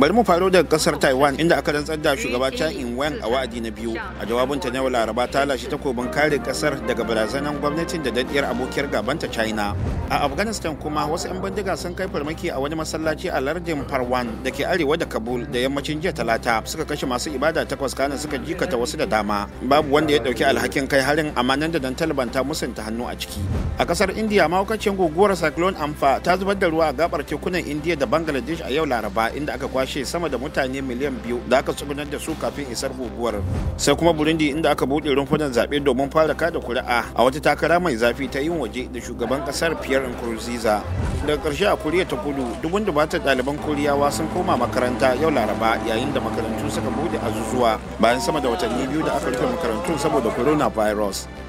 bari mu faro daga kasar taiwan inda aka rantsar da shugaba chan in-wen a wa'adi na biyu a jawabinta na laraba ta lashe takobin kare kasar daga barazanar gwamnatin da dadiyar abokiyar gabanta china a afghanistan kuma wasu 'yan bindiga sun kai farmaki a wani masallaci a lardin parwan da ke arewa da kabul da yammacin jiya talata suka kashe masu ibada takwas kana suka jikata wasu da dama babu wanda ya dauki alhakin kai harin amma nan da dan taliban ta musanta hannu a ciki a kasar india mahaukacin guguwar cyclone amfa ta zubar da ruwa a gabar tekunan india da bangladesh a yau laraba inda aka kwashe sama da mutane miliyan biyu da aka tsugunar da su kafin isar guguwar sai kuma burundi inda aka buɗe rumfunan zaɓe domin fara kada kuri'a a wata takara mai zafi ta yin waje da shugaban kasar pierre nkurunziza daga karshe a kuriya ta kudu dubun bata ɗaliban koriyawa sun koma makaranta yau laraba yayin da makarantu suka buɗe azuzuwa bayan sama da watanni biyu da aka rufe makarantun saboda coronavirus